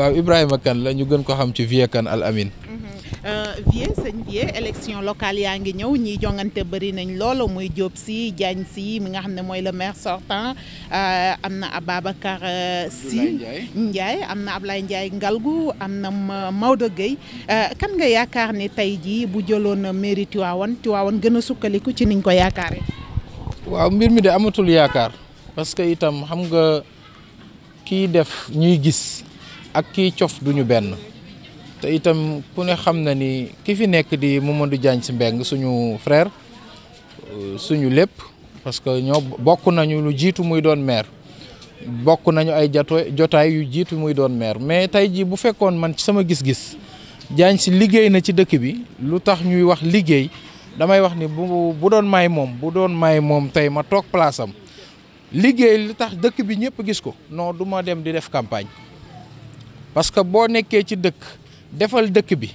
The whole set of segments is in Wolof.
waaw Ibrahima Kane la ñu gën ko xam ci Vieux Kane Al Amine. Mhm. Euh, Vieux sëñ Vieux élection locale yaa ngi ñëw ñiy jongante bari nañ loolu muy Diop si Diagne si mi nga xam ne mooy le maire sortant euh, am na Ababacar euh, Sy Ndiaye am na Ablaye Ndiaye Ngalgu am na Maodo Gueye kan nga yaakaar ne tey ji bu jëloon mairie Tivaouane Tivaouane gën a sukkaliku ci niñ ko yaakaaree. waaw mbir mi de amatul yaakaar parce que itam xam nga kiy def ñuy gis. ak kiy cof duñu benn te itam ku ne xam na ni ki fi nekk di Mamadou Diagne si Mbengue suñu frère euh, suñu lépp parce que ñoo bokk nañu lu jiitu muy doon maire bokk nañu ay jato jotaay yu jiitu muy doon maire mais tey jii bu fekkoon man ci sama gis-gis Diagne si liggéey na ci dëkk bi lu tax ñuy wax liggéey damay wax ni bu bu doon may moom bu doon may moom tey ma toog place liggéey lu tax dëkk bi ñëpp gis ko non du ma dem di def campagne parce que boo nekkee ci dëkk defal dëkk bi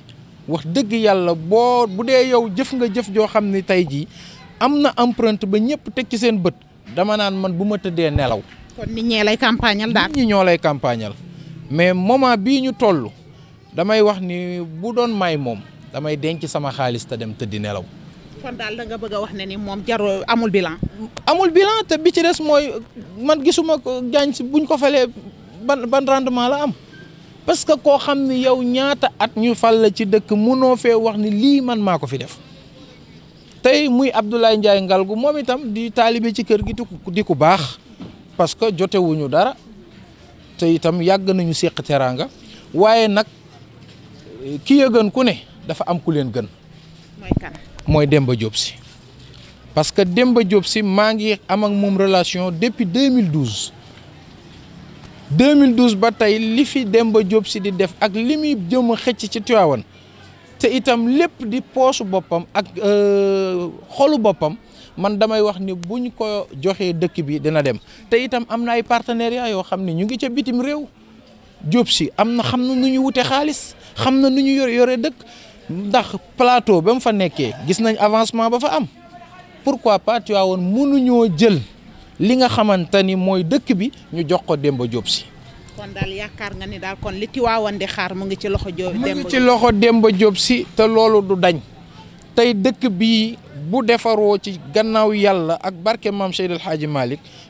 wax dëgg yàlla boo bu dee yow jëf nga jëf joo xam ne tey jii am na empreinte ba ñëpp teg ci seen bët dama naan man bu ma tëddee nelaw. kon lay campagnal daal. nit ñi ñoo lay campagnal mais moment bii ñu toll damay wax ni bu doon may moom damay denc sama xaalis te dem tëddi nelaw. kon daal da nga bëgg a wax ne ni moom jarul amul bilan. amul bilan te bi ci des mooy man gisuma ko gaañ si buñ ko falee ban ban rendement la am. parce que koo xam ne yow ñaata at ñu fal la ci dëkk mu noo fee wax ni lii man maa ko fi def tey muy Abdoulaye ngal Ngalgou moom itam di taalibe ci kër gi di ku baax parce que jotewuñu dara te itam yàgg nañu seq teraanga waaye nag ki gën ku ne dafa am ku leen gën. mooy kan mooy Demba Diop si. parce que Demba Diop si maa ngi am ak moom relation depuis 2012. 2012 ba tey li fi ba Diop si di def ak li muy jëm a xëcc ci Tiwaawan te itam lépp di poosu boppam ak euh, xolu boppam man damay wax ni buñ ko joxee dëkk bi dina dem te itam am na ay partenariat yoo xam ne ñu ngi ca bitim réew Diop si am na xam na nu ñu wute xaalis xam na nu ñu yore yore dëkk ndax plateau ba mu fa nekkee gis nañ avancement ba fa am pourquoi pas Tiwaawan ñoo jël. li nga xamante ni mooy dëkk bi ñu jox ko Demba jóob si. yaakaar nga ni daal kon li Tiwaawan xaar mu ngi ci loxo. Demba mu ci loxo Demba Diop si te loolu du dañ tey dëkk bi bu defaroo ci gannaaw yàlla ak barke maam Seydi El Hadji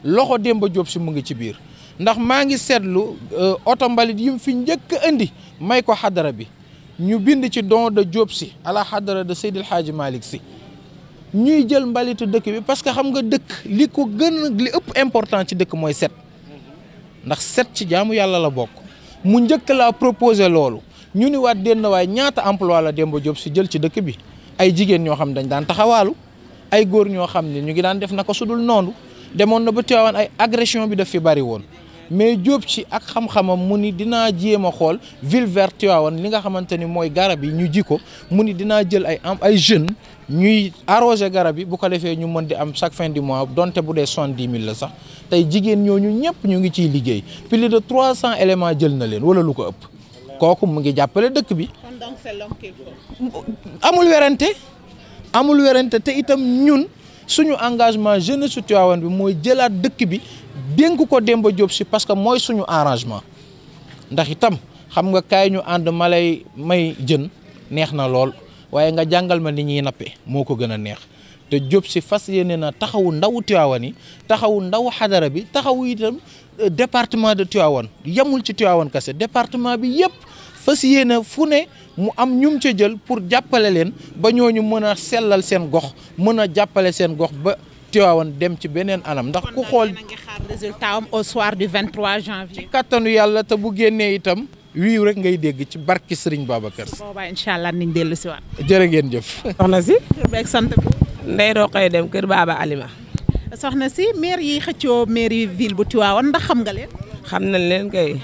loxo Demba Diop si mu ngi ci biir. ndax maa ngi seetlu euh, oto mbalit yi mu fi njëkk indi may ko xadara bi ñu bind ci don de Diop si ala xadara de Seydil Hadji Malick si ñuy jël mbalitu dëkk bi parce que xam nga dëkk li ko gën li ëpp important ci dëkk mooy set ndax set ci jaamu yàlla la bokk mu njëkk laa proposé loolu ñu ni waat dénn waaye ñaata emploi la Demba Diop si jël ci dëkk bi ay jigéen ñoo xam dañ daan taxawaalu ay góor ñoo xam ne ñu ngi daan def na ko sudul noonu demoon na ba teewaan ay agression bi daf fi bari woon mais jóob ci ak xam-xamam mu ni dinaa jéem a xool ville verte Tivaouane li nga xamante ni mooy garab yi ñu ji ko mu ni dinaa jël ay am ay jeunes ñuy arrose garab yi bu ko defee ñu mën di am chaque fin du mois donte bu dee soixante di mille la sax tey jigéen ñooñu ñëpp ñu ngi ciy liggéey plus de trois cents éléments jël na leen wala lu ko ëpp. kooku mu ngi jàppale dëkk bi. amul werante amul werante te itam ñun suñu engagement jeunesse Tivaouane bi mooy jëlaat dëkk bi. dénk ko Demba Diop si parce que mooy suñu arrangement ndax itam xam nga kaay ñu ànd ma may jën neex na lool waaye nga jàngal ma ni ñuy nappe moo ko gën a neex te Diop si fas yéene na taxawu ndawu Tivaouane yi taxawu ndawu xadara bi taxawu itam euh, département de Tivaouane yemul ci Tivaouane kese département bi yëpp fas yéene fu ne mu am ñum ca jël pour jàppale leen ba ñu mën a sellal seen gox mën a jàppale seen gox ba Tivaouane dem ci beneen anam ndax ku xool résultat am au soir du 23 janvier. ci kattanu yàlla te bu génnee itam. wiiw rek ngay dégg ci barki sëriñ Serigne Babacar. boobaa incha allah niñ dellu si waan jërë ngeen jëf. soxna si. tur beeg sant bi. Ndeye dem kër Baba Alima. soxna si maire yi xëccoo mairie ville bu Tivaouane ndax xam nga leen. xam nañ leen kay.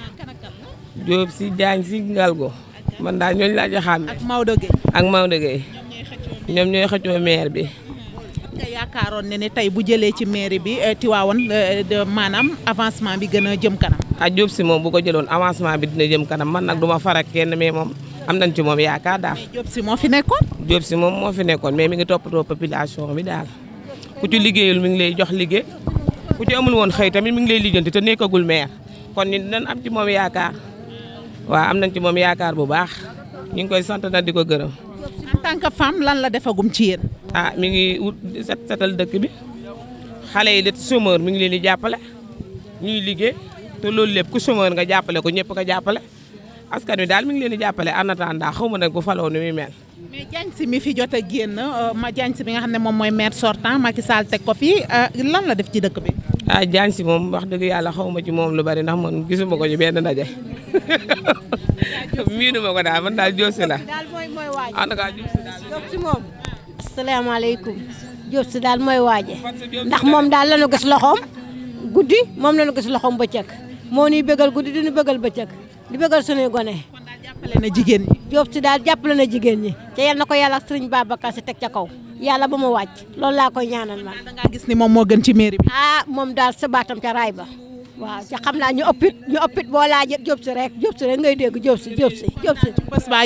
Diop ah, si Diagne si Ngalgo. man daa ñooñu laa joxaam. ak Maodo Gueye. ak Maodo Gueye. ñoom ñooy xëccoo maire bi. yaakaaroon ne ne tey bu jëlee ci mairie bi eh, Tivaouane eh, maanaam avancement bi gën a jëm kanam. ah Diop si moom bu ko jëloon avancement bi dina jëm kanam man nag du ma farak kenn mais moom am nañ ci moom yaakaar daal. mais Diop si moo fi nekkoon. si moom moo fi nekkoon mais mi ngi toppatoo population bi daal ku ci liggéeyul mi ngi lay jox liggéey ku ci amul woon xëy tamit mi ngi lay lijjanti te nekkagul maire kon ni dinañ am ci moom yaakaar waaw am nañ ci moom yaakaar bu baax ñu ngi koy sant na di ko gërëm. en tant que femme lan la defagum ci yéen. ah mi ngi wut set setal dëkk bi xale yi de chômeur mi ngi leen di jàppale ñuy liggéey te loolu lépp ku chômeur nga jàppale ko ñëpp nga jàppale askan wi daal mi ngi leen di jàppale en attendant xaw ma nag bu faloo ni muy mel. mais Diagne mi fi jot a génn euh, ma Diagne Sy bi nga xam ne moom mooy maire sortant Macky Sall teg ko fi euh, lan la def ci dëkk bi. ah Diagne moom wax dëgg yàlla xaw ma ci moom lu bari na man gisuma ko ci benn ndaje miinu ma ko daal man daal Diop Sy la. daal mooy mooy waaj. asalaamaaleykum Diop si daal mooy waaje ndax moom daal lanu gis loxoom guddi moom la ñu gis loxoom bëccëg moo ñuy bëggal guddi du ñu bëggal bëccëg di bëggal suñuy gone. kon daal jàppale jigéen ñi. si daal jàppale na jigéen ñi te yal na ko yàlla ak sëriñ Babacar si teg ca kaw yàlla ba mu wàcc loolu laa koy ñaanal ma. da ngaa gis ni moom moo gën ci mairie bi. ah moom daal sa baatam ca raay ba. waaw ci xam naa ñu ëppit ñu ëppit boo laajee Diop si rek Diop ngay dégg Diop si Diop si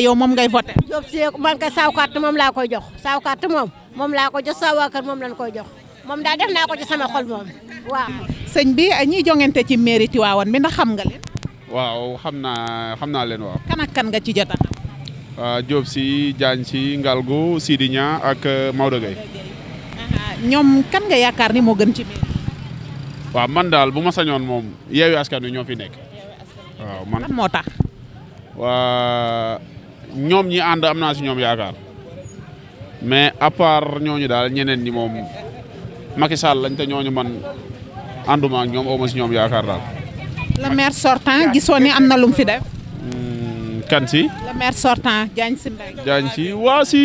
yow moom ngay voté Diop si man kay saaw carte moom laa koy jox saaw carte moom moom laa koy jox saaw waa kër moom lañ koy jox moom daal def naa ko ci sama xol moom waaw sëñ bi ñiy jongante ci mairie waawan mi ndax xam nga leen waaw xam naa xam naa leen waaw kan kan nga ci jota ah, Diop si Diagne si Ngalgu Sidiña ak Maodo Gueye ñoom kan nga yaakaar ni moo gën ci waaw man daal bu ma sañoon moom yeewi askan wi ñoo fi nekk. waaw man moo tax. waa ñoom ñi ànd am naa si ñoom yaakaar mais à part ñooñu daal ñeneen ñi moom Macky Sall lañ te ñooñu man ànduma ñoom ooma si ñoom yaakaar daal. le maire sortant gisoo ne am na lu fi def. Hmm, kan si. le maire sortant Diagne si Mbengue. si waa si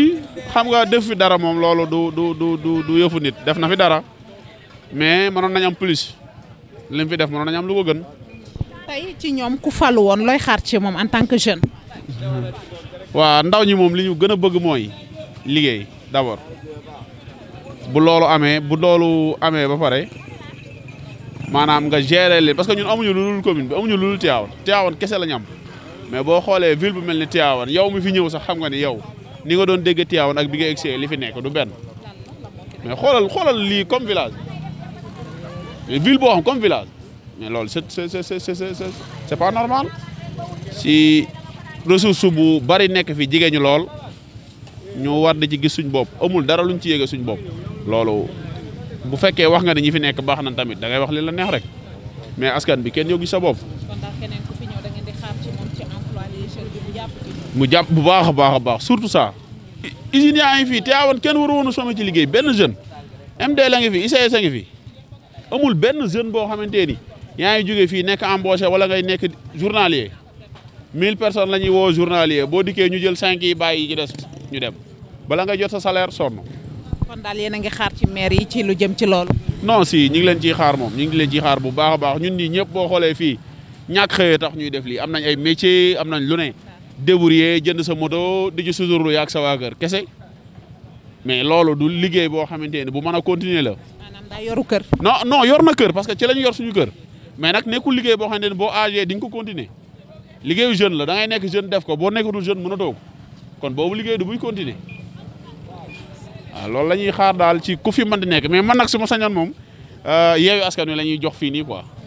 xam nga def fi dara moom loolu du du du du yëfu nit def na fi dara mais mënoon nañ am plus. li fi def mënoon nañu am lu ko gën. tey ci ñoom ku falu woon looy xaar ci moom en tant que jeune. waa ndaw ñi moom li ñu gën a bëgg mooy liggéey d'abord bu loolu amee bu loolu amee ba pare maanaam nga gérer leen parce que ñun amuñu lu dul commune bi amuñu lu dul Tivaouane Tivaouane kese la ñu am mais boo xoolee ville bu mel ni Tivaouane yow mi fi ñëw sax xam nga ni yow ni nga doon dégg Tivaouane ak bi nga egsee li fi nekk du benn mais xoolal xoolal lii comme village. ville boo xam comme village mais loolu c'est c'est c'est pas normal si ressource bu bari nekk fi jigéen ñu lool ñu war di ci gis suñ bopp amul dara luñ ci yéege suñ bopp loolu bu fekkee wax nga ne ñi fi nekk baax nañ tamit da ngay wax li la neex rek mais askan bi kenn yow sa bopp. mu jàpp bu baax a baax a baax surtout ça. usine yaa ngi fi te awoon kenn waru woon a somme ci liggéey benn jeune MD la fi ICS a ngi fi. amul benn jeune boo xamante ni yaa ngi jóge fii nekk embauché wala ngay nekk journalier mille personnes la ñuy woo journalier boo dikkee ñu jël cinq yi bàyyi ci des ñu dem bala nga jot sa salaire sonn. kon daal yéen a ngi xaar ci maire yi ci lu jëm ci loolu. non si ñu ngi leen ciy xaar moom ñu ngi leen ciy xaar bu baax baax ñun ñii ñëpp boo xoolee fii ñàkk xëyee tax ñuy def lii am nañ ay métier am nañ lu ne. débrouiller jënd sa moto di ci suturlu yaag sa waa kër kese mais loolu du liggéey boo xamante ne bu mën a continuer la. daa yoru kër. non non yor na kër parce que ci lañ yor suñu kër mais nag nekkul liggéey boo xam ne boo âgé di ko continuer liggéeyu jeune la da nekk jeune def ko boo nekkatul jeune mën a toog kon boobu liggéey du buy continuer waaw loolu la ñuy xaar daal ci ku fi mën di nekk mais man nag su ma sañoon moom euh, yeewu askan wi la ñuy jox fii nii quoi.